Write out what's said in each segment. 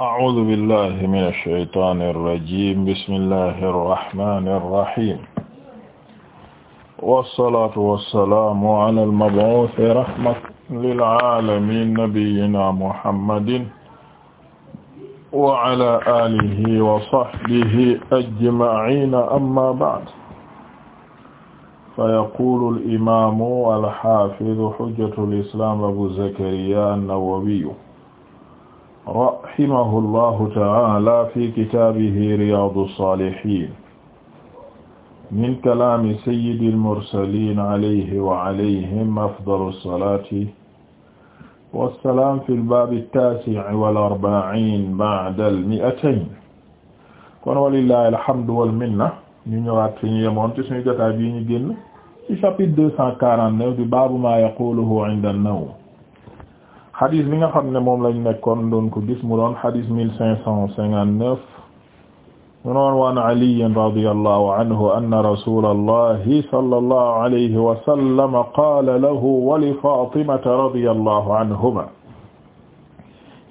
أعوذ بالله من الشيطان الرجيم بسم الله الرحمن الرحيم والصلاة والسلام على المبعوث رحمة للعالمين نبينا محمد وعلى آله وصحبه أجمعين أما بعد فيقول الإمام الحافظ حجة الإسلام أبو زكريا النووي rahimahullahu ta'ala fi kitaabihi riyaadu saalihiin min kalaami sayyidil mursaliin alayhi wa alayhim afdalu salaati wa salaam fil baabi taasi'i wal arba'iin ba'dal mi'atayn kon walillahi alhamdu wal minna ñu ñëwaat fi ñu yemoon ci suñu jotaay bi ñu génn ci chapitre deux cent quarante-neuf di baabu maa yaquluhu inda an-nawm xadis bi nga xam ne moom lañ nekkoon doon ko gis mu doon xadis mille cinq cent cinquante neuf mu noon waan aliyin radiyallahu anhu anna rasulallahi sallallahu alayhi wa sallam qaala lahu wa li fatimata radiyallahu anhuma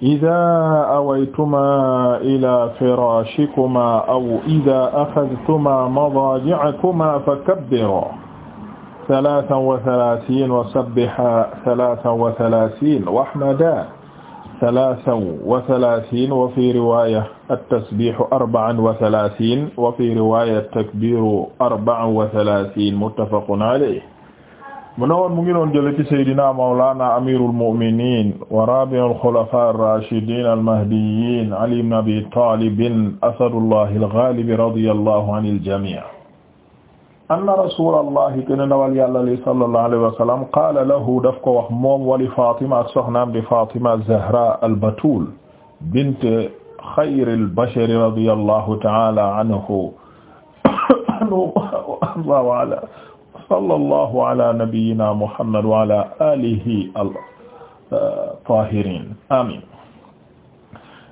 idaa awaytumaa ilaa firaashikumaa aw idaa axadtumaa madaaji'akumaa fakabbiraa salaasan wa salaasiin wa sabbiha salaasan wa salaasiin wa ahmada salaasan wa salaasiin wa fi riwaaya at-tasbiihu arba'an wa salaasiin wa fi riwaaya at-takbiiru arba'an wa salaasiin muttafaqun alayhi mu ne woon mu ngi doon jële ci saydina mawlana amirul mu'minin wa rabi'ul khulafa ar-rashidin al-mahdiyyin ali ibn abi talib asadullah al-ghalib radiyallahu anil jami' anna rasulallahi kene ndawal yàlla li sallallahu alayhi wa sallam qaala lahu daf ko wax moom wali Fatima ak soxnaam di Fatima Zahra al-Batul bint xayril bashar radiyallahu ta'ala anhu sallallahu ala nabiyyina Muhammad wa ala alihi al-tahirin amin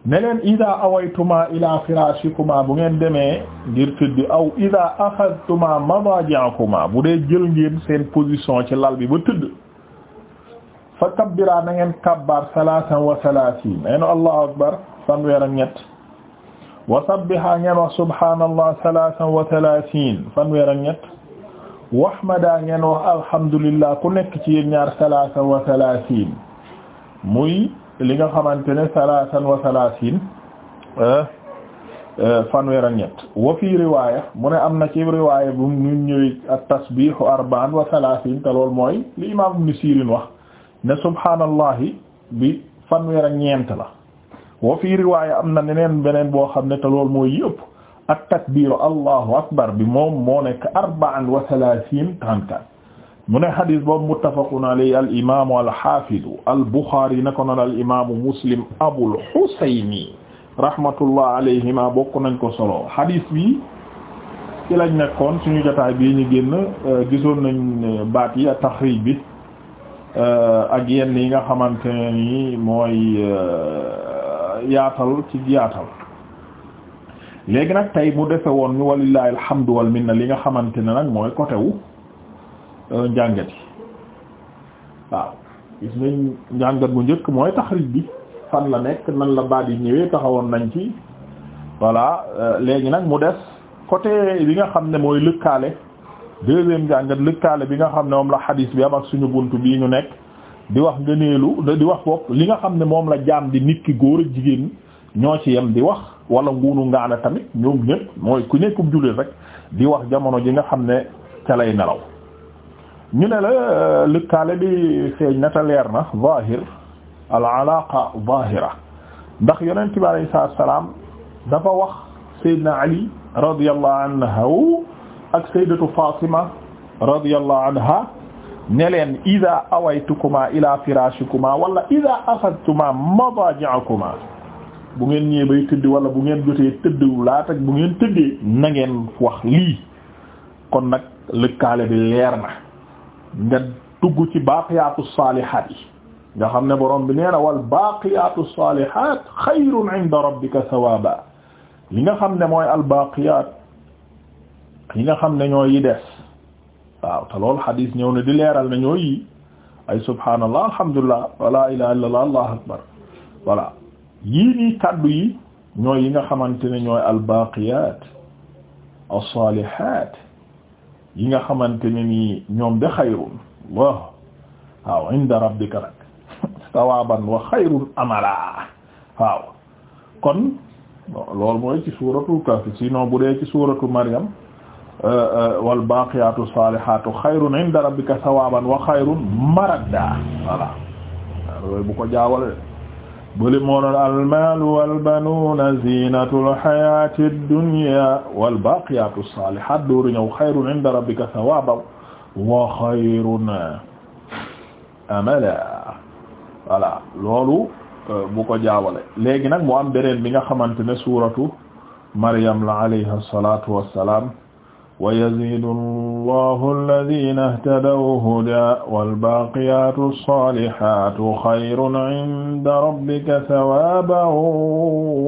ne leen ida awaytuma ila firashikuma bu ngeen demee ngir tëddi aw ida axadtuma madaji'akuma bu dee jël ngeen seen position ci lal bi bu tëdd fa kabbira na ngeen kabbar salatan wa akbar fanweer ak ngeen wax subhanallah salatan wa ngeen wax alhamdulillah ku nekk ci yéen ñaar salatan wa muy li nga xamante ne salaasan wa salaasin euh, euh, fanweer ak ñett wa fii riwaaya mu ne am na ci riwaaya bu ñu ñëwee ak tasbiihu arba'an wa salaasin te loolu mooy li imaam Ibn Sirin wax ne subhaanallahi bi fanweer ak ñeent la wa fii riwaaya am na neneen beneen boo xam ne te loolu mooy yëpp ak takbiiru allahu akbar bi moom moo nekk arba'an wa salaasin trente-quatre mu ne xadis boobu muttafaqun alayhi al imaamu al xaafidu al buxaari naka noonu al imaamu muslim abul xusayni rahmatullah alayhima bokk nañ ko solo xadis bi ci lañ nekkoon suñu jataay bii ñu génn euh, gisoon nañ euh, baat yi ak taxriij bi euh, ak yenn yi nga xamante ne ni mooy yaatal ci yaatal. léegi nag tey mu defe woon ni walillahi alhamdu wal minna li nga xamante ne mooy côté wu. Euh, njàngat waaw gis nañ njàngat bu njëkk mooy taxrij bi fan la nekk nan la baat yi ñëwee taxawoon nañ ci voilà euh, léegi nag mu des côté bi nga xam ne mooy lëkkaale deuxième njàngat lëkkaale bi nga xam ne moom la xadiis bi am ak suñu bunt bii ñu nekk di wax ngëneelu di wax bopp li nga xam ne moom la jaam di nit ki góor ak jigéen ñoo ci yem di wax wala nguunu ngaana tamit ñoom ñëpp mooy ku nekkub jullit rek di wax jamono ji nga xam ne ca lay nelaw ñu ne la euh, lëkkaale bi feeñ na te leer na zahir al alaqa zahira ndax yonent bi alayhi salaatu salaam dafa wax Seydina Ali radiyallahu anhu ak Sayyidatu Fatima radiyallahu anha ne leen ida awaytukuma ila firashikuma wala ida axadtuma madaji'akuma bu ngeen ñëwee bay tëdd wala bu ngeen jotee tëdd laata bu ngeen tëddee na ngeen wax lii kon nag lëkkaale bi leer na nga dugg ci baaqiyaatu saalihaat yi nga xam ne borom bi nee na wal baaqiyaatu saalihaat xayrun inda rabbika sawaaba li nga xam ne mooy al baaqiyaat yi nga xam ne ñooy yi des waaw te loolu xadiis ñëw na di leeral na ñooy yi ay subhaanallah alhamdulillah wala ilaha illallah allahu akbar voilà yii nii kàddu yi ñooy yi nga xamante ne ñooy al baaqiyaat as-saalihaat yi nga xamante ne ni ñoom de xayrun Allah waaw inda rabbika nag sawaban wa xayrun amala waaw kon loolu mooy ci suuratul kahf sinon bu dee ci suuratu Maryam euh, euh, wal baaqiyaatu saalihaatu xayrun inda rabbika sawaban wa xayrun maradda voilà loolu bu ko jaawale bële moo doon almaalu walbanuuna ziinatul xayaati dunya wal baaqiyaatu saalihaat dooru ñëw xayrun inda rabbika sawaaban wa xayrun amala voilà loolu euh, bu ko jaawale léegi nag mu am beneen bi nga xamante ne suuratu Maryam la alayha salaatu wa salaam wa yaziidu allahu alladina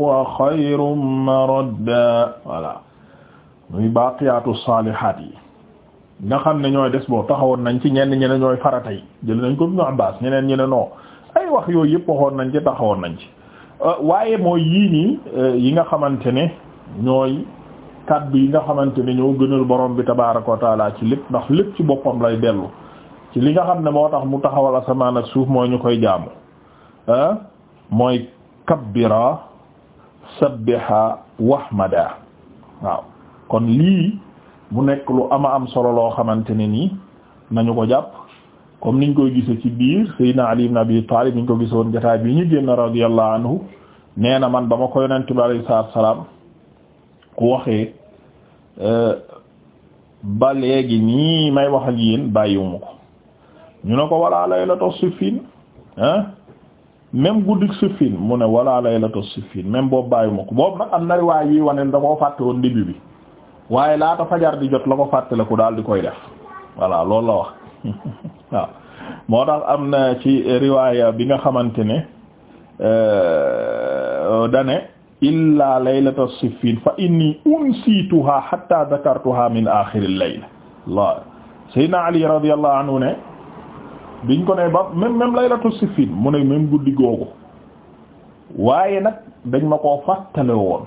wa xayrun maradda voilà muy baaqiyaatu yi nga xam ne ñooy des boo taxawoon nañ ci ñenn ñeneen ñooy farata yi jël nañ ko Ibnu Abbaas ñeneen yooyu yëpp waxoon nañ ci taxawoon nañ ci euh, mooy euh, yi nga xamante ne ñooy kaddu yi nga xamante ne ñoo gënal borom bi tabaaraka wa taala ci lépp ndax lépp ci boppam lay dellu ci li nga xam ne moo tax mu taxawal asamaan ak suuf mooy ñu koy jaamu ah, mooy kabbira sabbiha wahmada waaw kon lii mu nekk lu ama am solo loo xamante ne nii nañu ko jàpp kom niñ koy gise ci biir Seydina Ali ibn Abi Talib niñ ko gisoon jotaay bi ñu génn radiyallahu anhu nee na man ba ma ko yonent bi alayhi salaam ku waxee euh, ba léegi nii may wax ak bàyyiwuma ko ñu ne ko wala laylatu siffin ah même guddik siffin mu ne wala laylatu siffin même boobu bàyyiwuma ko boobu nag am na riwaay yi wane da koo fàtte woon début bi waaye laa laata fajar di jot la ko fàttaliku daal di koy def voilà loolu la wax waaw moo tax am na ci riwaaya bi nga xamante ne euh, dane illa laylata siffin fa inni unsituha hatta dhakartuha min akhir al-layl ali radiyallahu anhu ne biñ ko ne ba même même siffin mu ne même guddi googu waaye nag dañ ma koo fàttale woon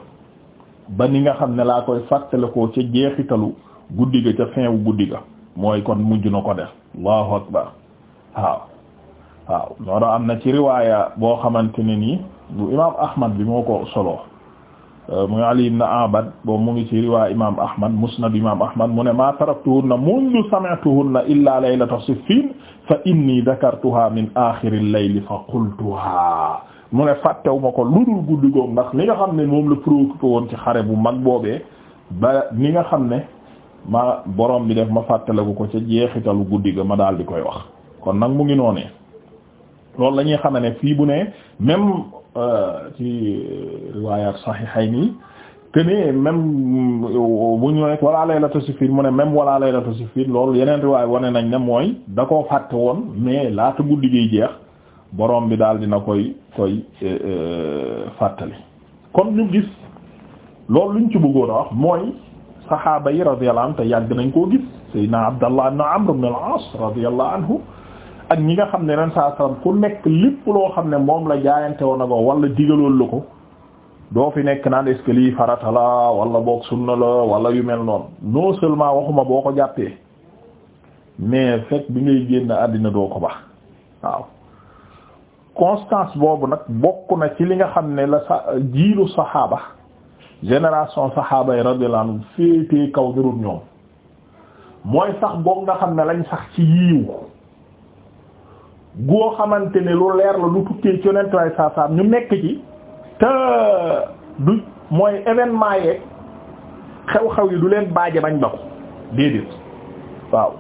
ba ni nga xam ne laa koy fàttale ko ca jeexitalu guddi ga ca fin wu guddi ga mooy kon mujj na ko def allahu akbar waaw waaw loolu am na ci riwaaya boo xamante ne nii bu imaam Ahmad bi moo ko solo Euh, muy Ali ibn Abad boobu mu ngi ci riwaa imam Ahmad musnad imam Ahmad mu ne ma taraktuhunna mundu sami'tuhunna illa laylata siffin fa inni dhakartuha min akhir al-layl fa qultuha mu ne fàttewuma ko ludul guddi googu ndax li nga xam ne moom la préoccupé woon ci xare bu mag boobee ba ni nga xam ne ma borom bi def ma fàttaliku ko ca jeexitalu guddi ga ma daal di koy wax kon nag mu ngi noonee loolu la xam ne fii bu ne même. Euh, ci riwaayaat saxiixayni yi que ne même euh, bu ñu nekk wala laylatu sifin mu ne même wala laylatu sifin loolu yeneen riwaay wane nañ ne mooy da koo fàtte woon mais laata guddi liggéey jeex borom bi daal dina koy koy euh, fàttali. kon ñu gis loolu luñ ci bëggoon a wax mooy saxaaba yi radiyallahu anhu te yàgg nañ koo gis Seydina Abdallah ibn Amr ibn al-As radiyallahu anhu ak ñi nga xam ne ren saa salaam ku nekk lépp loo xam ne moom la jaayante woon ak wala digaloon la ko doo fi nekk naan est-ce farata la wala boog sunna la wala yu mel noonu non seulement waxuma boo ko jàppee mais fekk bi ngay génn àddina doo ko baax waaw constance boobu nag bokk na ci li nga xam ne la sa jiilu saxaaba génération saxaaba yi radiyallahu anhum féetee kaw nirut ñoom mooy sax boog nga xam ne lañ sax ci yiiw goo xamante ne lu leer la lu tukkee ci yonent way saasaam ñu nekk ci te du mooy événement yeeg xew-xew yi du leen baaje bañ ba ko déedéet waaw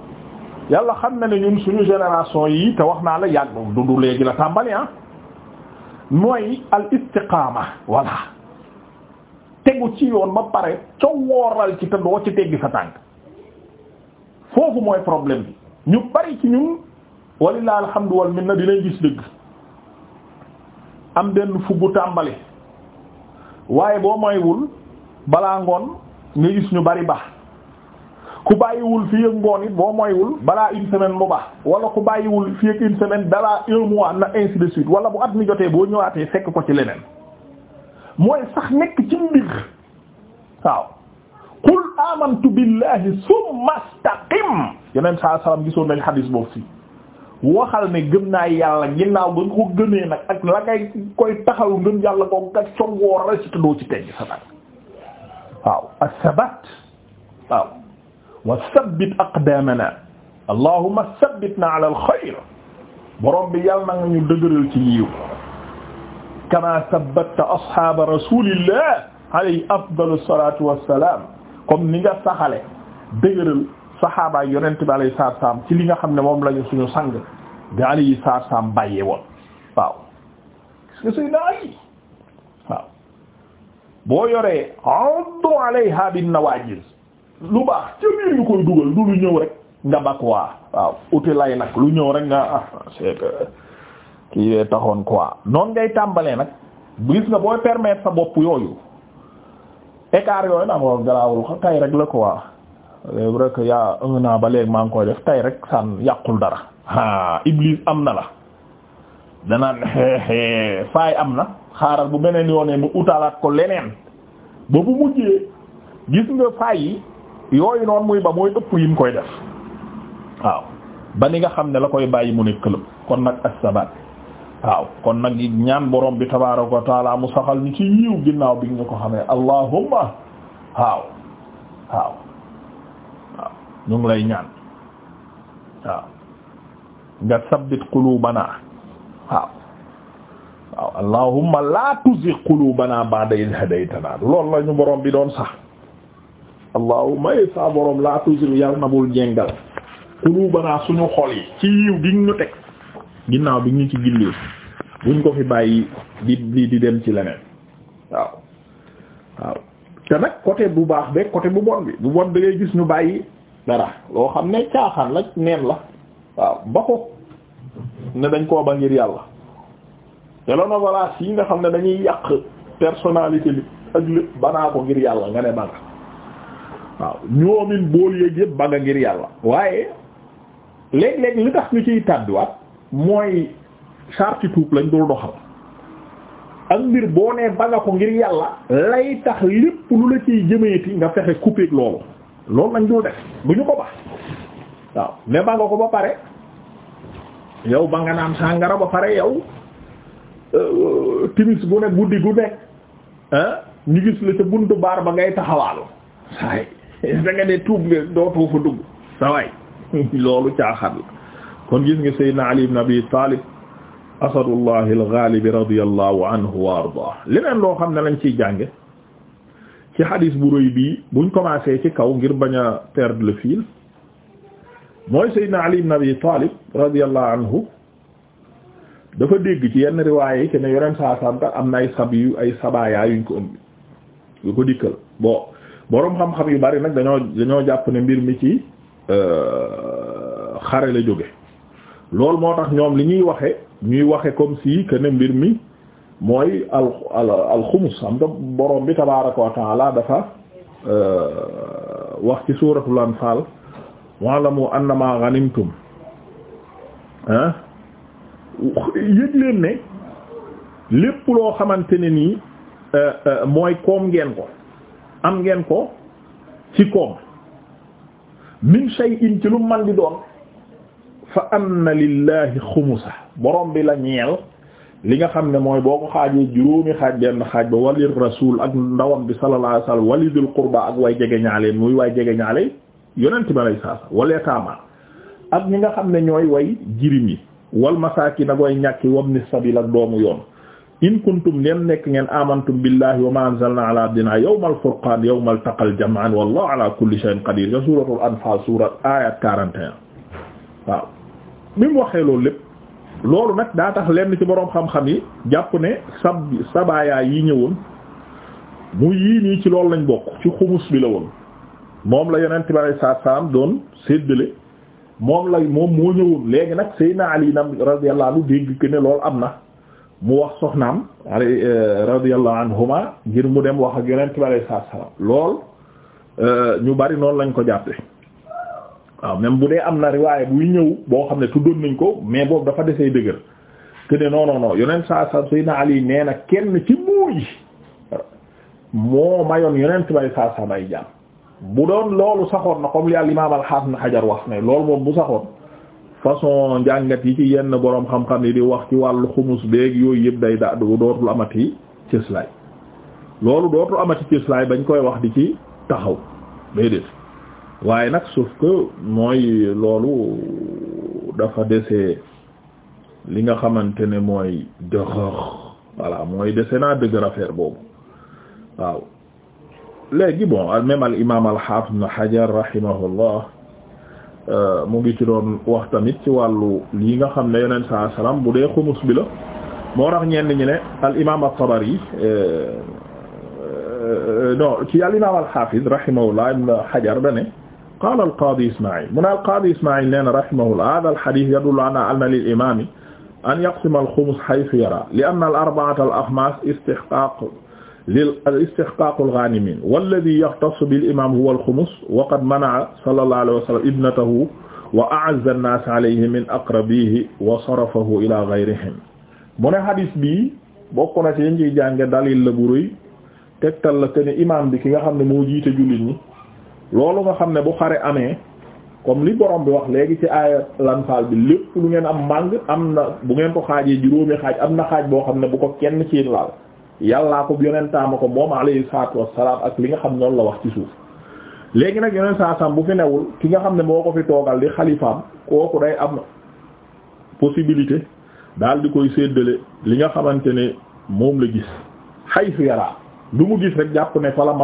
yàlla xam na ne ñun suñu génération yi te wax naa la yàgg du du léegi la tàmbali ah. mooy al istiqaama tegu ci yoon ba pare co wooral ci te doo ci teggi sa tànk foofu mooy problème bi ñu bari ci ñun walilah alhamdu wal minna dinañ gis dëgg am benn fubbu tàmbali waaye boo moywul balaa ngoon nga gis ñu bari baax ku bàyyiwul fii ak ngoon it boo moywul balaa une semaine mu baax wala ku bàyyiwul fi ak une semaine balaa un mois na ainsi de suite wala bu at mi jotee boo ñëwaatee fekk ko ci leneen mooy sax nekk ci mbir waaw qul amantu billahi summa istaqim yeneen saa salaam gisoon nañ xadiis boobu fii waxal ne gëm naa yàlla ginnaaw ba nga ko gënee nag ak la ngay koy taxaw ngëm yàlla ko nga songoo rasi te doo ci tegg sa nag waaw as-sabat waaw wa sabbit aqdamana allahumma sabbitna ala al-khayr borom bi yàlla na nga ñu dëgëral ci yiw kama sabbatta ashaaba rasulillah alayhi afdalu salatu wassalam comme ni nga saxale dëgëral saxaabaay yonent bi alayhi salaatu salaam ci li nga xam ne moom lañu suñu sang bi alayhi salaatu salaam bàyyee woon waaw gis nga Seydina Ali waaw boo yoree addu alayha lu baax ca biir ñu koy dugal lu ñëw rek nga bak waa waaw uti lay nag lu ñëw rek nga ah kii yee taxoon quoi noonu ngay tàmbalee nag gis nga booy permettre sa bopp yooyu écart yooyu nag moom garaawul tay c'est euh, vrai que y'a un an ba léegi maa ngi koy def tay rek san yàqul dara ah Iblis am na la danaan faay am na xaaral bu beneen yoonee mu utalaat ko leneen ba bu mujjee gis nga faay yi yooyu noonu muy ba mooy ëpp yim koy def waaw ba ni nga xam ne la koy bàyyi mu ne këlëb kon nag as waaw kon nag ñaan borom bi tabaaraka wa taala mu saxal ñu ci yiw ginnaaw bi nga ko xamee allahumma waaw waaw ñu ngi lay ñaan waaw nga sabbit qulubana waaw waaw allahumma la tuzigh qulubana ba'da idh hadaytana loolu la ñu borom bi doon sax allahumma ay eh, sa borom la tuzigh yàlla na bul jengal qulubana suñu xol yi ci yiw gi ñu teg ginnaaw bi ñu ci gillee buñ ko fi bàyyi di di dem ci leneen waaw waaw te nag côté bu baax beeg côté bu bon bi bu bon da ngay gis ñu bàyyi dara loo xam ne caaxaan la neen la waaw ba ko ne dañ koo ba ngir yàlla te loolu walla yi nga xam ne dañuy yàq personnalité bi ak lépp banaa ko ngir yàlla nga ne banga waaw ñoomin bool yéeg yëpp ba nga ngir yàlla waaye léeg-léeg li tax ñu ciy tàddiwaat mooy sarti tuub lañ dul doxal ak mbir boo nee ba nga ko ngir yàlla lay tax lépp lu la ciy jëmeeti nga fexe couper loolu lool lañ dul def bu ñu ko bax waaw mais ba nga ko ba pare yow ba nga naan sàngara ba pare yow euh, timis bu ne guddi gu nekk ñu gis la ca buntu baar ba ngay taxawaalu saay da nga ne tuub nga dootoo fa dugg sa waay loolu caaxaan la kon gis nga Seydina Ali ibn Abi Talib asadullah al-ghalib radiyallahu anhu wa ardah leneen loo xam ne lañ ciy jànge ci xadis bu rëy bii buñ commencé ci kaw ngir bañ a perdre le fil mooy Seydina Ali ibn Abi Talib radiyallahu anhu dafa dégg ci yenn riwaay yi te ne yoneen am na ay sab yu ay sabaayaa yuñ ko ëmb yu ko dikkal bon boroom xam-xam yu bari nag dañoo dañoo jàpp ne mbir mi ci euh, xare la jóge loolu moo tax ñoom li ñuy waxe ñuy waxe comme si que mbir mi mooy al alxumus am nga borom bi tabaaraka wa taala dafa euh, wax ci suuratul anfaal wa'lamu annama ghanimtum ah yëg leen ne lépp loo xamante ne nii euh, euh, mooy koom ngeen ko am ngeen ko ci koom min shay'in ci lu man di doon fa anna lillahi xumusa borom bi la ñeel li nga xam ne mooy boo ko xaajee juróomi xaaj benn xaaj ba walil rasul ak ndawam bi sallallahu alayhi wasallam walidul qurba ak way jege ñaale muy way jege ñaale yonent bi lay saasa wal yataama ak ñi nga xam ne ñooy way jirim yi wal masaakin ak way ñàkki wabni sabil ak doomu yoon in kuntum leen nekk ngeen amantum billahi wa ma anzalna ala abdina yawmal furqan yawmal taqal jam'an wallahu ala kulli shay'in qadir ca suratul anfal surat ayat 41 waaw bi mu waxee lépp loolu nag daa tax lenn ci boroom xam-xam yi jàpp ne sab sabaayaa yi ñëwoon mu yii nii ci loolu lañ bokk ci xumus bi la woon moom la yonent bi alayhi salaatu salaam doon séddale moom la moom moo ñëwoon léegi nag Seydina Ali nam radiyallahu anhu dégg que ne loolu am na mu wax soxnaam ala euh, radiyallahu anhuma ngir mu dem wax ak yeneen bi alayhi salaatu salaam lool euh, ñu bari noonu lañ ko jàppe waaw même bu dee am na riwaay buy ñëw boo xam ne tuddoon nañ ko mais boobu dafa desee dëgër que ne non non non yonent saa sa Seydina Ali nee kenn ci muur yi moo mayoon yonent bay saa sa may bu doon loolu saxoon na comme li al imaam al-Hasan Hajar wax ne loolu moom bu saxoon façon njàngat yi ci yenn boroom xam-xam yi di wax ci wàllu xumus beeg yooyu yëpp day da dootul amati cëslaay loolu dootul amati cëslaay bañ koy wax di ci taxaw déedéet. waaye nag sauf que mooy loolu dafa dese li nga xamante ne mooy dëgër voilà mooy dese naa dëgër affaire boobu waaw léegi bon même al imam al hafiz ibn hajar rahimahullah euh, mu ngi ci doon wax tamit ci wàllu lii nga xam ne yeneen saa salaam bu dee xumus bila la moo tax ñenn ñi ne al imam at-Tabari euh, euh, non ci al imam al hafiz rahimahullah ibn hajar da qaala alqaadi ismail mu ne alqaadi ismail nee na rahimahullah hada alhadith yadullu ala anna lil imami an yaqsima alxumus haythu yara li anna al arba'ata al axmas istihqaq lil istihqaq alghanimin walladi yaxtassu bil imam huwa alxumus wa qad mana'a sallallahu alayhi wa sallam ibnatahu wa a'azza an-nas alayhi min aqrabihi wa sarafahu ila ghayrihim mu ne hadis bi bokk na ci yi ñuy jànge dalil la bu rëy tegtal la te ne imam bi ki nga xam ne moo jiite jullit ñi loolu nga xam ne bu xare amee comme li borom bi wax léegi ci aaya lanfaal bi lépp lu ngeen am màng am na bu ngeen ko xaajee juróomi xaaj am na xaaj boo xam ne bu ko kenn ci laal yàllaa ko yonentaama ko moom alayhi salaatu wassalaam ak li nga xam noonu la wax ci suuf léegi nag yonent saa sam bu fi newul ki nga xam ne moo ko fi toogal di xalifaam kooku day am possibilité daal di koy séddale li nga xamante ne moom la gis xay su yaraa lu mu gis rek jàpp ne fa la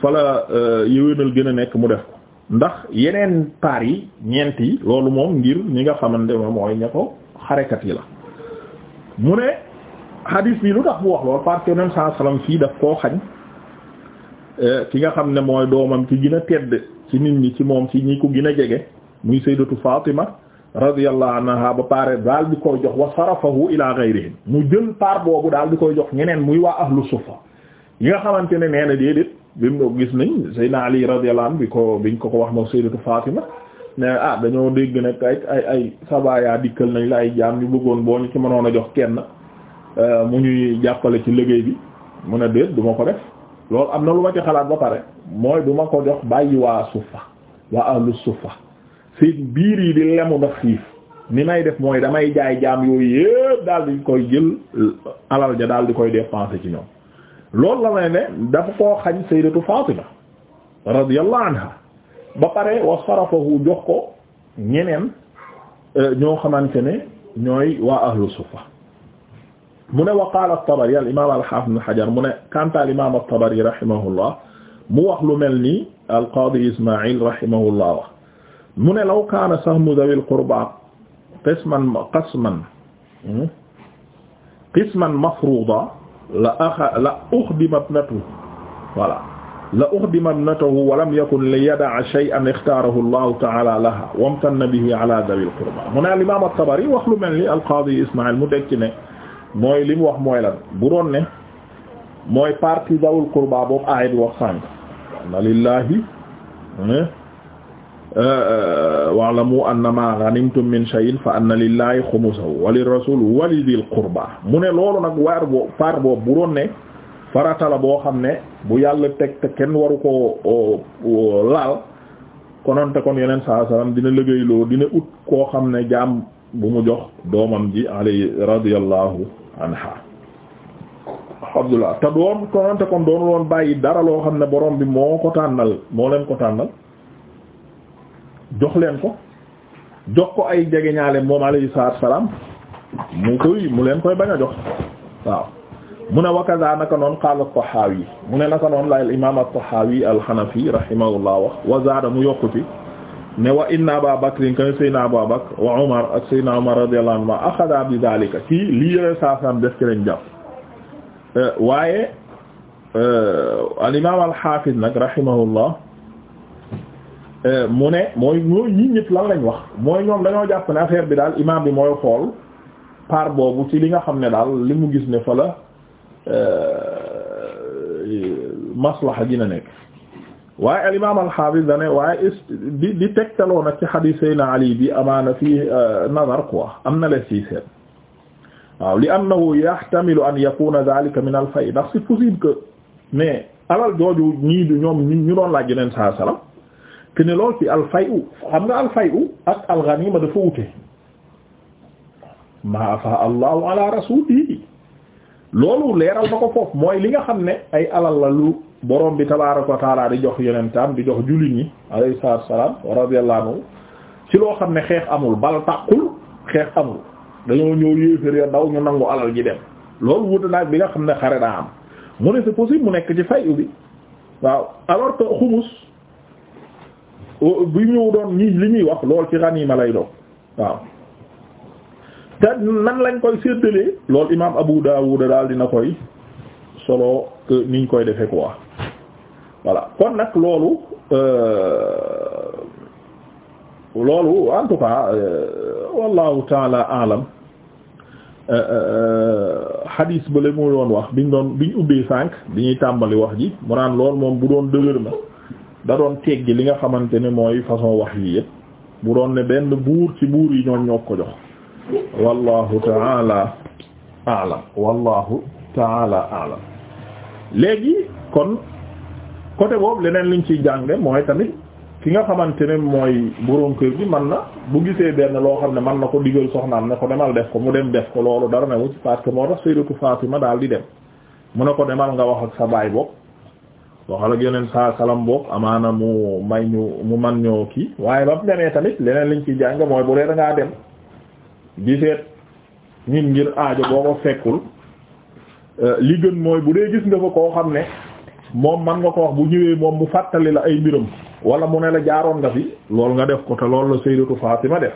fala euh, yëwénal gën a nekk mu def ko ndax yeneen paar yi ñeent yi loolu moom ngir ñi nga xamante ne mooy ña ko yi la mu ne hadis bi lu tax bu wax lool parce que même saa salaam fii daf koo xañ euh, ki nga xam ne mooy doomam ci gën a tedd ci nit ñi ci moom ci ñi ko gën a jege muy sayyidatu Fatima radiyallahu anha ba pare daal di koy jox wa sarafahu ila ghayrihim mu jël paar boobu daal di koy jox ñeneen muy wax ahlu sufa yi nga xamante ne nee déedéet bi mu gis nañ Seydina Ali radiyallahu anhu bi ko biñ ko ko wax moom Sayyidatu Fatima ne ah dañoo dégg nag ay ay ay sabaya dikkal nañ la ay jaam ñu bëggoon boo ñu ci mënoon a jox kenn euh, mu ñuy jàppale ci liggéey bi mu a déet du ma ko def loolu am na lu ma ci xalaat ba pare mooy du ma ko jox bàyyi waa suffa waa ahlu suffa seen biir yi di lemu ndax xiif ni may def mooy damay jaay jaam yooyu yëpp daal di koy jël alal ja daal di koy dépenser ci ñoom loolu la may ne dafa koo xañ sayyidatu Fatima radiyallahu anha ba pare wa sarafahu jox ko ñeneen euh, ñoo xamante ne ñooy waa ahlu sufa mu ne wa qaala at-Tabari al imam al-hafiz ibn Hajar mu ne kanta al imam at-Tabari rahimahullah mu wax lu mel ni al-Qadi ne law kaana sahmu dhawil qurba qisman qasman qisman hmm, mafruda la axa la uxdima ibnatuhu voilà la uxdima ibnatuhu wa lam yakun li yada'a shay'an ixtaarahu Allahu ta'ala laha wa amtanna bihi ala dhawil qurba mu ne al imaam at-Tabari wax lu mel ni al-Qaadi Ismaïl mu teg ci ne mooy li mu wax mooy lan bu doon ne mooy partie dhawil qurba boobu aaya bi wax sànq na lillahi Euh, euh, wa'lamu annama ghanimtum min shay'in fa anna lillahi khumusahu wa lirrasul wa lidhil qurba mu ne loolu nag waar boobu paar boobu bu doon ne farata boo xam ne bu yàlla teg te kenn waru ko laal kononte kon yeneen saa salaam dina liggéeyloo dina ut koo xam ne jaam bu mu jox doomam ji alay radiyallahu anha abdullah te doom kononte kon doonu loon bàyyi dara loo xam ne boroom bi moo ko tànnal moo leen ko tànnal jox leen ko jox ko ay jegeñaale moom alayhi salaatu salaam mu koy mu leen koy bañ a jox mu ne wakaza naka noon qaala at-Tahawi mu ne naka noon la al imam at-Tahawi al-Hanafi rahimahullah wax wa zaada mu yokku ci ne wa inna Aba Bakrin kan Seydina Abu Bakr wa Umar ak Seydina Umar radiyallahu anhu axada bi daalika ci lii yore saa saam def ci lañ jàpp waaye al imam al-Hafiz nag rahimahullah Euh, mu ne mooy mooy ñi lan lañ wax mooy ñoom dañoo jàpp ne affaire bi daal imaam bi mooy xool par boobu ci li nga xam ne daal li mu gis ne fa la euh, maslaha dina nekk waaye al imaam al xaafis da ne waaye is di di tegtaloo nag ci xadiis sayna Ali bi amaana fii euh, nazar quoi am na les ciy seet waaw li annahu yahtamilu an yakuna dhalika min al fay ndax c'est possible que mais alal jooju ñii ñoom ñu doon laa yeneen saa salaam que ne lool ci alfayu xam nga alfayu ak alganima dafa wute maa afa allahu ala rasulihi loolu leeral na ko foofu mooy li nga xam ne ay alal la lu borom bi tabaaraka wa taala di jox yonentam di jox jullit ñi alayhi salaatu salaam wa ci loo xam ne xeex amul bal tàqul xeex amul dañoo ñëw yéefér daw ñu nangu alal ji dem loolu wuute naag bi nga xam ne xare daa am mu ne c'est possible mu nekk ci fayu bi waaw alors que xumus bi ñu li ñuy wax lool ci ganima lay doon waaw te nan lañ koy séddalee loolu imaam Abu Dawud daal dina koy solo que niñ koy defee quoi voilà kon nag loolu euh, loolu en tout cas euh, wallahu taala alam euh, hadis ba le doon wax biñ doon biñ ubbee sànq bi ñuy tàmbali wax ji mu naan lool moom bu doon dëgër na da doon teggi li nga xamante ne mooy façon wax yi yëpp bu doon ne benn buur ci buur yi ñoom ñoo ko jox wallahu taala aalam wallahu taala aalam léegi kon côté boobu leneen liñ ciy jàng mooy tamit ki nga xamante ne mooy borom kër gi man na bu gisee benn loo xam ne man na ko digal soxnaam ne ko demal def ko mu dem def ko loolu dara newu ci parce que moo tax Sayyidatu Fatima daal di dem mu ne ko demal nga wax ak sa baay bopp waxal ak yeneen saa salam boog amaana mu may ñu mu man ñoo kii waaye ba mu demee tamit leneen liñ ci jàng mooy bu dee da ngaa dem di seet nit ngir aajo boo ko fekkul euh, li gën mooy bu dee gis nga fa koo xam ne moom man nga ko wax bu ñëwee moom mu fàttali la ay mbiram wala mu ne la jaaroon nga fi loolu nga def ko te loolu la sayyidatu ma def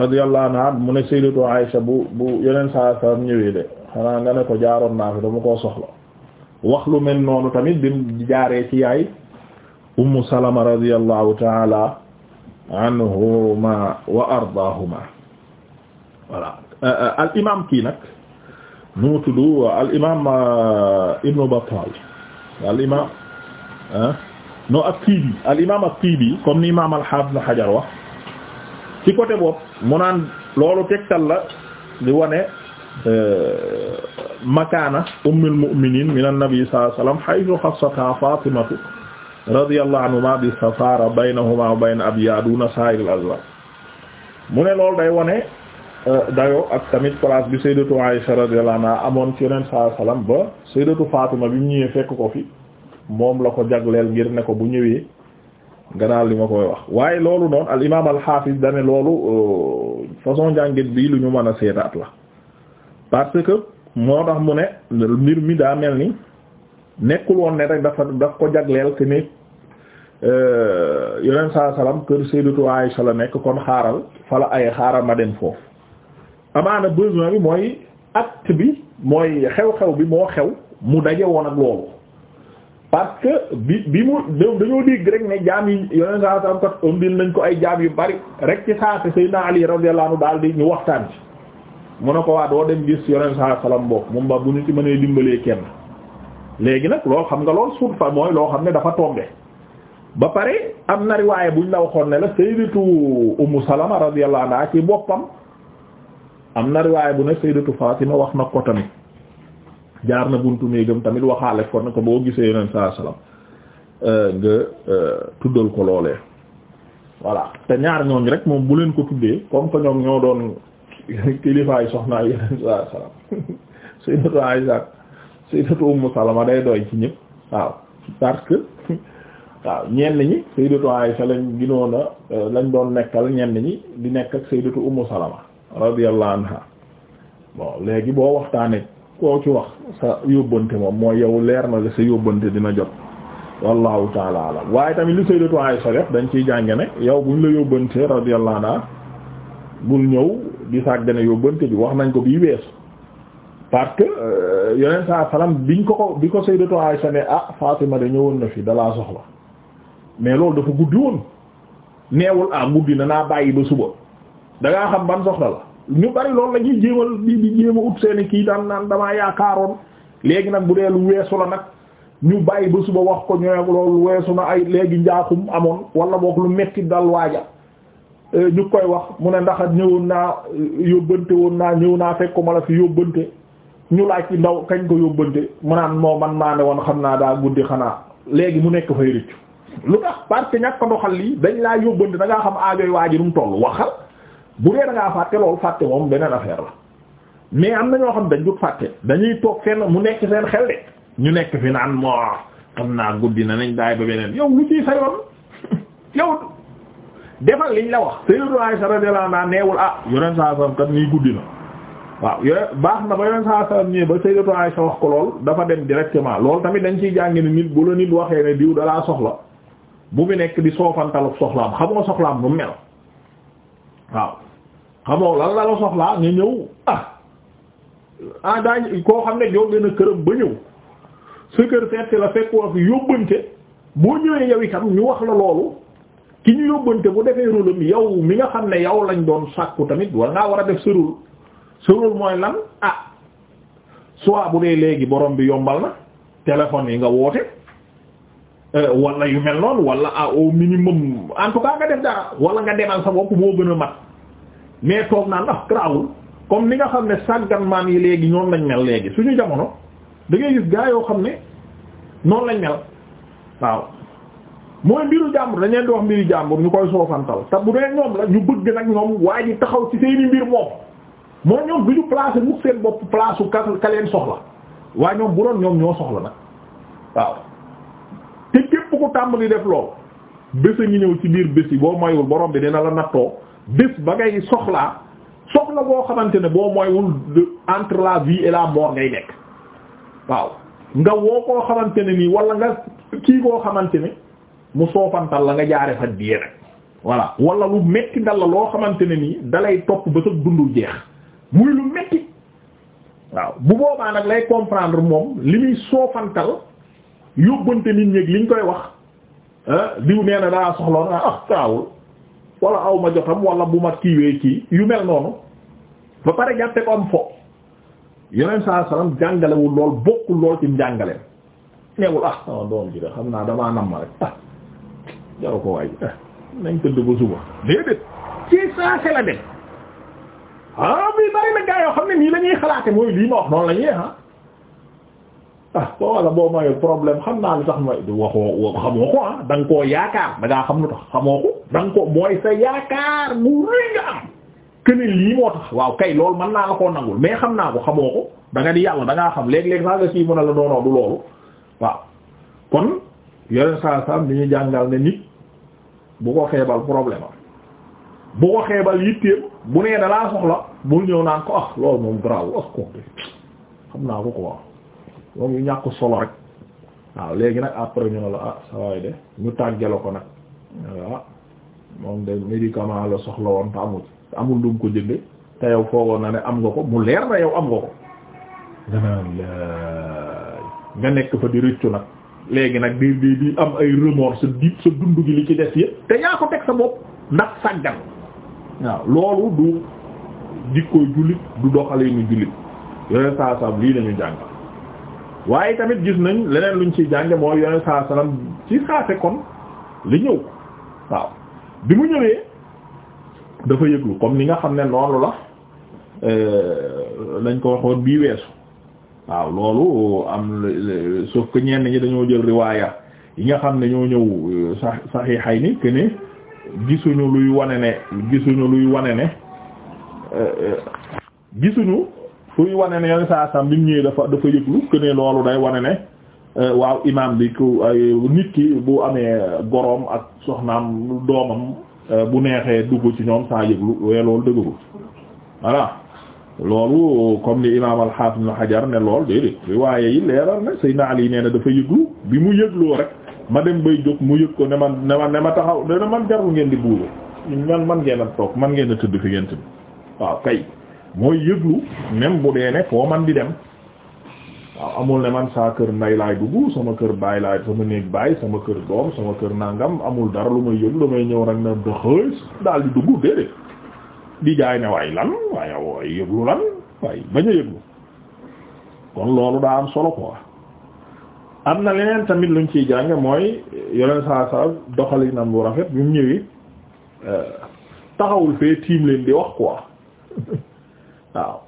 radiyallahu anha mu ne sayyidatu Aisha bu bu yeneen saa salam ñëwee de xanaa nga ne ko jaaroon naa fi dama soxla wax lu mel noonu tamit bim jaaree ci yaay ummu salama radiyallahu anhuma wa ardaahuma voilà euh, euh, al nag nu mu tudd al imam euh, ibnu Battal al imam no al imam at ni imam al-Hafiz Hajar wax ci côté boobu mu naan loolu tegtal la di wane makaana ummul mu'minin min an-nabi sallallahu alayhi wa sallam haythu khassatha fatimatu radiyallahu anhuma bi safara baynahuma wa bayna abyaduna sa'iril azwaj mu ne loolu day wone euh, dayo ak tamit place bi sayyidatu Aisha radiyallahu anha amoon ci yonent sallallahu alayhi wa sallam ba sayyidatu Fatima bi mu ñëwee fekk ko fi moom la ko jagleel ngir ne ko bu ñëwee nga daal li ma koy wax waaye loolu noonu al imaam al xaafis dane loolu euh, façon njàngit bi lu ñu mën a seetaat la moo tax mu ne mbir mi daa mel ni nekkul woon ne rek dafa daf ko jagleel que ni euh, yeneen saa salaam kër Sayyidatu Aisha la nekk kon xaaral fala ay xaaral ma dem foofu amaana besoin bi mooy acte bi mooy xew-xew bi moo xew mu daje woon ak loolu parce que bi bi mu dañoo dégg rek ne jaam yi yeneen saa salaam kat ëmbil nañ ko ay jaam yu bari rek ci saase Sayyidina Ali radiyallahu anhu daal di ñu waxtaan ci mu ne ko waa doo dem gis yoneen saa salaam boobu moom ba bu ñu ci ne dimbalee kenn léegi nag loolu xam nga lool suut mooy loo xam ne dafa tombe ba pare am na riwaaya buñ la waxoon ne la sayyidatu Ummu Salama radiyallahu anha ci boppam am na riwaaya bu ne sayyidatu Fatima wax na ko tamit jaar na buntu néegam tamit waxaale ko ne ko boo gisee yoneen saa salaam nga euh, tuddal ko loolee voilà te ñaar ñooñ rek moom bu leen ko tuddee comme que ñoom ñoo doon kilifaay soxnaa yeneen saa salaam sayyidatu Aisha Salama day doy ci ñëpp waaw parce que waaw ñenn ñi sayyidatu Aisha lañ ginoon euh, lañ doon nekkal ñenn ñi di nekk ak sayyidatu Ummu Salama radiyallahu anha bon léegi boo waxtaanee koo ci wax sa yóbbante moom mooy yow leer na la sa yóbbante dina jot wallahu taala alam waaye tamit li sayyidatu Aisha dañ ciy jànge ne yow buñ la yóbbante radiyallahu anha bul ñëw di sàggane yóbbante bi wax nañ ko bii weesu parce que euh, yeneen saa salaam biñ ko ko bi ko Sayyidatu Aisha ne ah Fatima de ñëwoon na fi dalaa soxla mais loolu dafa guddi woon neewul ah guddi na naa bàyyi ba suba da ngaa xam ban soxla la ñu bari loolu la ñuy jéemal bi di jéem a ut seeni kii daan naan damaa yaakaaroon léegi nag bu dee lu weesu la nag ñu bàyyi ba suba wax ko ñëwee loolu weesu na ay léegi njaaxum amoon wala boog lu metti dal waaja Euh, ñu koy wax mu ne ndax ñëwoon naa euh, yóbbante woon naa ñëw naa fekkuma la fi yóbbante ñu laaj ci ndaw kañ ko yóbbante mu naan moo man maa ne woon xam naa daa guddi xanaa léegi mu nekk fay rëccu lu tax parce que ñàkk doxal lii dañ laa yóbbante da ngaa xam aajoy waa ji nu mu toll waxal bu dee da ngaa fàtte loolu fàtte moom beneen affaire la mais am na ñoo xam dañ dut fàtte dañuy toog fenn mu nekk seen xel de ñu nekk fi naan moo xam naa guddi na nañ daay ba yow lu yow defal liñ la wax Sayyidatu Aisha radiyallahu anha neewul ah yoneen saa sallam kat nii guddi na waaw yoneen baax na ba yoneen saa sallam ñii ba Sayyidatu Aisha wax ko lool dafa dem directement lool tamit dañ ciy jàng ni nit bu la nit waxee ne diw dalaa soxla bu mu nekk di soofantalu soxlaam xamoo soxlaam nu mel waaw xamoo lan la soxlaa nga ñëw ah ah koo xam ne jóge na këram ba ñëw sa kër seet la fekk woo fi yóbbante boo ñëwee yow itam ñu wax la loolu ki ñu yóbbante bu defee mi yow mi nga xam ne yow lañ doon sàkku tamit war ngaa war a def sa rôle sa mooy lan ah soit bu dee léegi borom bi yombal na téléphone yi nga woote euh, wala yu mel noon wala à ah, au minimum en nga def dara wala nga demal sa bopp moo gën a mat mais toog naa ndax ah, grawul comme ni nga xam ne sàggan maan yi léegi ñoom lañ mel léegi suñu jamono da gis gaa yoo xam ne noonu lañ mel waaw mooy mbiru jàmbur dañ leen di wax mbiru jàmbur ñu koy soofantal te bu dee ñoom la ñu bëgg nag ñoom waa ji taxaw ci seeni mbir moom mooy ñoom du ñu placé mukk seen bopp place ka ka leen soxla waaye ñoom bu doon ñoom ñoo soxla nag waaw te képp ku tàmm di def lool bés a ngi ñëw ci biir bés yi boo moywul boroom bi dina la nattoo bés ba ngay soxlaa soxla boo xamante ne boo moywul entre la vie et la mort ngay nekk waaw nga woo koo xamante ne nii wala kii koo xamante ne. mu soofantal la nga jaare fa dee nag voilà wala lu metti dal la loo xamante ne nii dalay topp ba sa jeex muy lu metti waaw bu boobaa nag lay comprendre moom li muy soofantal yóbbante nit ñéeg liñ koy wax diw nee na daa soxloon ah bu ma kiiwee kii yu mel noonu ba pare jàppe ko am fo ah, doom ji de xam naa damaa nam ma rek ah. jaru ko waay eh, nañ tëdd ba suba déedéet ci saase la dem ah bii bari na gaa yoo xam ne nii la xalaate mooy lii ma wax noonu la ñuy ah ah boo wala boo mooy problème xam naa lu tax mooy du waxoo xamoo ko ah da yaakaar da ngaa xam lu tax xamoo ko da nga ko mooy sa yaakaar bu rëy nga am loolu mën naa la koo nangul xam naa ko xamoo ko da nga di yàlla da xam léeg-léeg sax nga sii mën a la doonoo loolu waaw kon yeneen saa saa bi ñu jàngal ne nit. bu ko xeebal problème am bu ko xeebal yitteem bu nee da soxla bul ñëw naan ko ah loolu moom garaaw ah ko xam naa ko ko wax moom yu ñàkk solo rek waaw léegi nag après ñu ne la ah sawaay de ñu tàggela ko nag moom de médicament la soxla woon te amul amul ko jënde te yow foogoon na ne am nga ko mu leer na yow am nga ko ganaan laay nga nekk fa di rëccu nag léegi nag di di di am ay remords sa di sa dund gi li ci des yëpp te yaa ko teg sa bopp ndax sàggan waaw loolu du jikkooy jullit du doxalee nu jullit yoneen saa salaam lii nañu jàng waaye tamit gis nañ leneen luñ ciy jànge mooy yoneen saa salaam ci saase kon li ñëw waaw bi mu ñëwee dafa yëglu comme ni nga xam ne noonu la euh, lañ ko waxoon bii weesu waaw loolu am sauf que ñenn ñi dañoo jël riwaaya yi nga xam ne ñoo ñëw euh, sax saxiixay ni que ne gisuñu luy wane ne gisuñu luy wane ne euh, euh, gisuñu fuy wane ne yoon saa sam bi mu ñëwee dafa dafa yëglu que loolu day wane ne waaw imaam bi ku nit ki bu amee goroom ak soxnaam doomam bu neexee dugg ci ñoom saa yëglu waaye loolu dëgërul voilà. loolu comme ni imaam al-Hafiz Ibn Hajar ne lool déedéet riwaaye yi leeral na Seydina Ali nee na dafa yëglu bi mu yëgloo rek ma dem bay jóg mu yëg ko ne man ne ma ne ma taxaw ne man jarul ngeen di buuru man man ngeen a toog man ngeen a tëdd fi ngeen tëdd waaw kay mooy yëglu même bu dee ne foo man di dem waaw amul ne man saa kër nday laay dugg sama kër baay laay sama néeg baay sama kër doom sama kër nàngam amul dara lu may yëglu damay ñëw rek na dëxëy daal di dugg déedéet di jaay ne waay lan waaye yëglu lan waaye bañ a yëglu kon loolu daa am solo quoi am na leneen tamit luñ ciy jànge mooy yeneen saa saa doxalinam bu rafet bi mu ñëwee euh, taxawul fee tiim leen di wax quoi waaw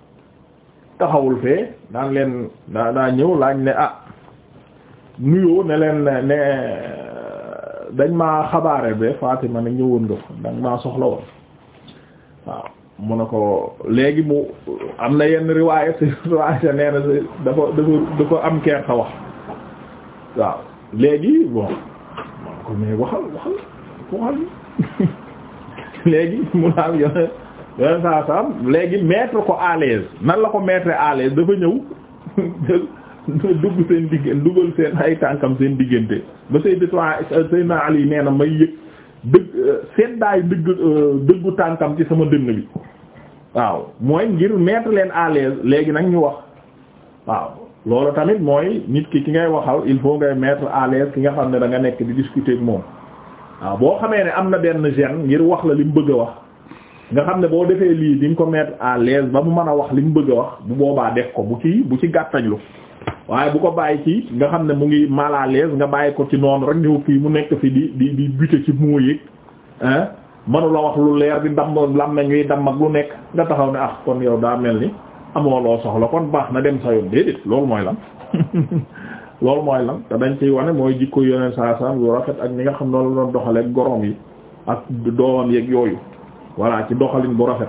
taxawul fee daan leen naa naa ñëw laaj ne ah nuyoo ne ne dañ maa xabaare be Fatima ne ñëwoon nga fa dañ maa soxla woon waaw mu ne ko léegi mu am na yenn riwaaya si riwaaya nee na dafa dafa dafa am keer sa wax waaw léegi bon man ko mais waxal waxal léegi mu naan yone yone saa léegi mettre ko à l'aise la ko mettre à l'aise dafa ñëw dugg seen diggante dugal seen ay tànkam seen diggante ba Seydina Seydina Ali nee na may yëg dëgg euh, seddaay dëgg euh, dëggu tànkam ci sama dënn bi waaw mooy ngir mettre leen à l'aise léegi nag ñu wax waaw loolu tamit mooy nit ki ki ngay waxal il faut ngay mettre à l'aise ki nga xam ne da nga nekk di discuter moom waaw boo xamee ne am na benn gen ngir wax la li mu bëgg a wax nga xam ne boo defee lii di ko mettre à l'aise ba mu mën a wax li mu bëgg a wax bu boobaa def ko bu ci bu ci gàttañlu waaye bu ko bàyyi ci nga xam ne mu ngi mal à l'aise nga bàyyi ko ci noonu rek ñëw fii mu nekk fi di di di bute ci mooyéeg ah manu la wax lu leer di dam lam na ñuy dam ak lu nekk nga taxaw ne ah kon yow daa mel ni amoo loo soxla kon baax na dem sa yoon déedéet loolu mooy lan loolu mooy lan te dañ ciy wane mooy jikko yoneen saa saam yu rafet ak ñi nga xam noonu la doon doxalee gorom yi ak doomam yeeg yooyu voilà ci doxalin bu rafet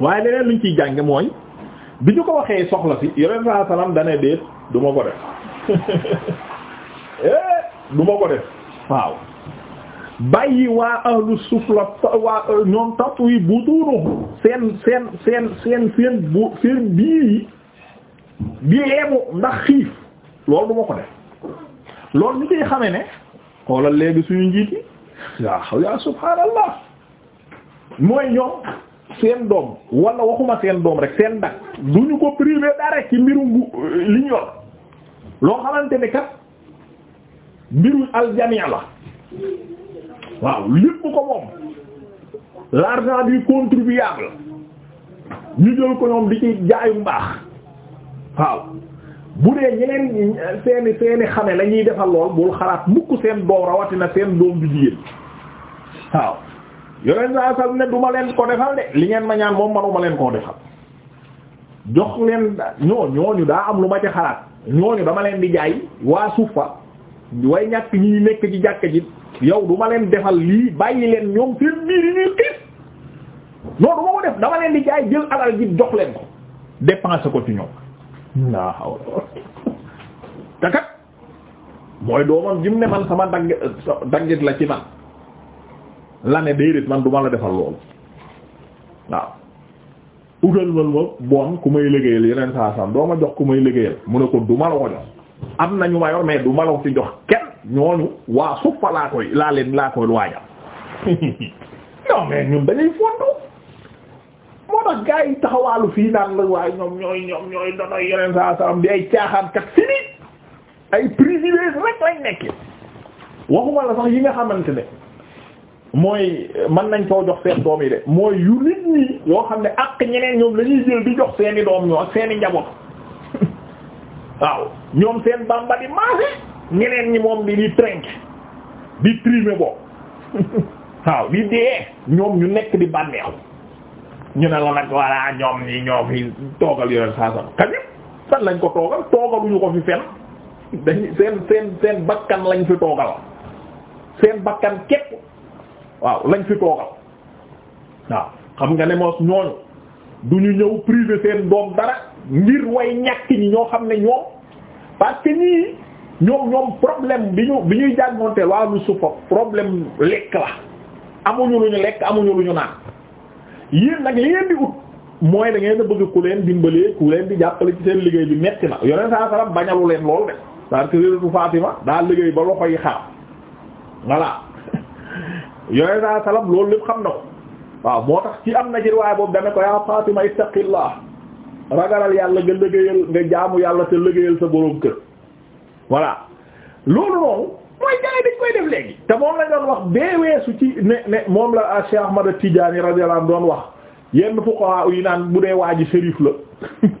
waaye leneen luñ ciy jànge mooy bi ñu ko waxee soxla si yeneen saa salaam dane déet du ma ko def eh, du ma ko def waaw bàyyi waa ahlu sufla waa ñoom tatwi butuunuhum seen seen seen seen seen bu seen biir yi di leemu ndax xiif loolu du ko def loolu ñu koy xamee ne xoolal léegi suñu njiit yi yaa subhaanallah mooy ñoom seen doom wala waxuma seen doom rek seen dak du ñu ko privé dara ci mbirum li ñu yor loo xamante ne kat mbiru aljamia la waaw lépp ko moom l'argent du contribuable ñu jël ko ñoom di ci jaayum baax waaw bu dee ñeneen seeni seeni xame la ñuy defal lool bul xalaat mukk seen doom rawatina seen doom bi jigéen waaw yoneen saa sal ne duma leen ko defal de li ngeen ma ñaan moom manuma leen koo defal jox leen ñoo ñooñu daa am lu ma ci xalaat ñooñu dama leen di jaay waa suufa way ñàkk ñi nekk ci jàkk ji yow duma leen defal lii bàyyi leen ñoom seen biir yi ñuy gis non duma ko def dama leen di jaay jël alal ji jox leen ko dépenser ko ci ñoom waa xaw takat mooy doomam jim ne man sama daggit la ci man la ne déedéet man du ma la defal loolu waaw utal man ma bon ku may liggéeyal yeneen saa sam doo ma jox ku may liggéeyal mu ne ko du ma jox am na ñu ma yor mais du ma la jox kenn ñooñu waa suppa laa koy laa leen laa koy waajal non mais ñun fii naan la waaye ñoom ñooy ñoom ñooy yeneen saa sam di ay caaxaan kat fi ay privilège rek lañ nekkee waxuma la sax yi nga xamante ne mooy mën nañ koo jox seen doom yi de mooy yu nit ñi yoo xam ne ak ñeneen ñoom lañuy jël di jox seeni doom ñoo seeni njaboot waaw ñoom seen bamba di ñi moom di di trinque di trimer boobu waaw di dee ñoom ñu nekk di bànneexu ñu ne la nag walla ñoom ñi ñoo toogal yooyu saa saa kañ fan lañ ko toogal toogaluñu ko fi fen dañ seen seen seen bakkan lañ fi toogal seen bakkan képp waaw lañ fi toogal waaw xam nga ne moos ñooñu du ñu ñëw privé seen doom dara ngir woy ñàkk ñi ñoo xam ne ñoom parce que ñii ñoom ñoom problème bi ñu bi ñuy jàngonteel waa lu sufa problème lekk la amuñu lu ñu lekk amuñu lu ñu naan yéen nag li ngeen di ut mooy da ngeen bëgg ku leen dimbalee ku leen di jàppale ci seen liggéey bi metti na yoneen saa salam bañalu leen lool de parce que Fatima daa liggéey ba loxo yi xaar voilà yoneen saa salaam loolu lépp xam na ko waaw moo tax ci am na ci riwaay boobu dana ko yaa Fatima ittaqillah ragalal yàlla nga liggéeyal nga jaamu yàlla te liggéeyal sa boroom kër voilà loolu noonu mooy jaay dañ koy def léegi te moom la doon wax bee weesu ci ne ne moom la Cheikh Ahmad Tidiane radiyallahu anhu doon wax yenn fuqaha yi naan bu dee waa ji sérif la